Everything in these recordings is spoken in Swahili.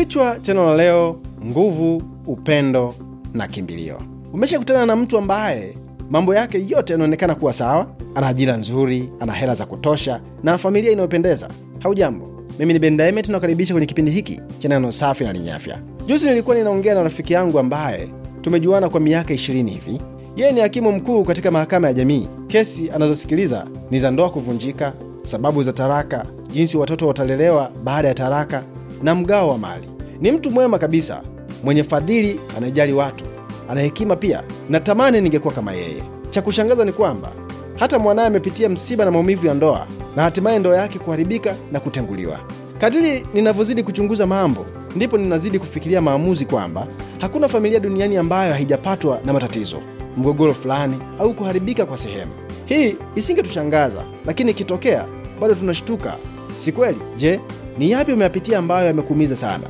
Kichwa cha neno la leo: nguvu, upendo na kimbilio. Umeshakutana na mtu ambaye mambo yake yote yanaonekana kuwa sawa? Ana ajira nzuri, ana hela za kutosha na familia inayopendeza. Haujambo, mimi ni bendaemet Dynamite, kwenye kipindi hiki cha neno safi na lenye afya. Juzi nilikuwa ninaongea na rafiki yangu ambaye tumejuana kwa miaka ishirini hivi. Yeye ni hakimu mkuu katika mahakama ya jamii. Kesi anazosikiliza ni za ndoa kuvunjika, sababu za taraka, jinsi watoto watalelewa baada ya taraka na mgao wa mali. Ni mtu mwema kabisa, mwenye fadhili, anajali watu, ana hekima pia. Natamani ningekuwa kama yeye. Cha kushangaza ni kwamba hata mwanaye amepitia msiba na maumivu ya ndoa na hatimaye ndoa yake kuharibika na kutenguliwa. Kadiri ninavyozidi kuchunguza mambo, ndipo ninazidi kufikiria maamuzi kwamba hakuna familia duniani ambayo haijapatwa na matatizo, mgogoro fulani au kuharibika kwa sehemu. Hii isingetushangaza, lakini ikitokea bado tunashtuka, si kweli? Je, ni yapi umeyapitia ambayo yamekuumiza sana?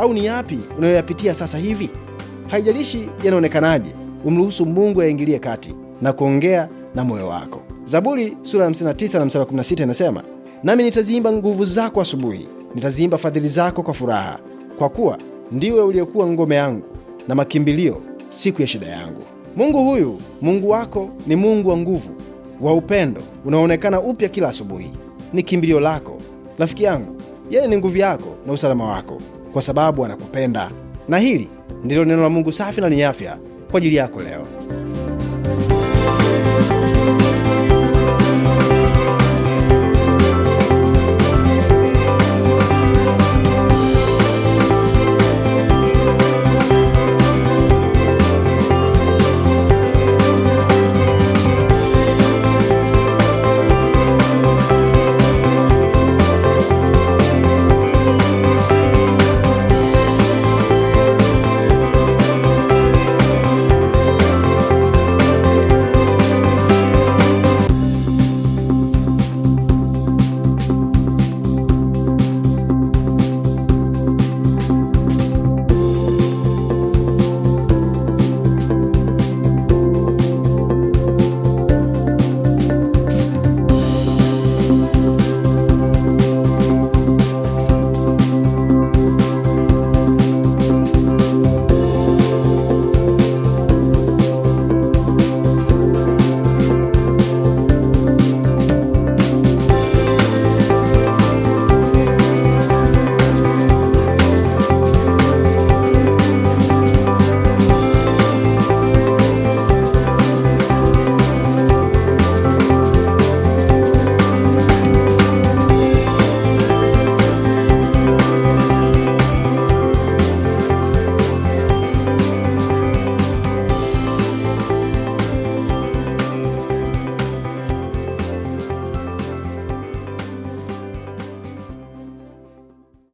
au ni yapi unayoyapitia sasa hivi? Haijalishi yanaonekanaje, umruhusu Mungu aingilie kati na kuongea na moyo wako. Zaburi sura ya 59 na mstari wa 16 inasema, nami nitaziimba nguvu zako asubuhi, nitaziimba fadhili zako kwa furaha, kwa kuwa ndiwe uliyekuwa ngome yangu na makimbilio siku ya shida yangu. Mungu huyu Mungu wako ni Mungu wa nguvu, wa upendo unaoonekana upya kila asubuhi. Ni kimbilio lako, rafiki yangu yeye ni nguvu yako na usalama wako, kwa sababu anakupenda. Na hili ndilo neno la Mungu safi na lenye afya kwa ajili yako leo.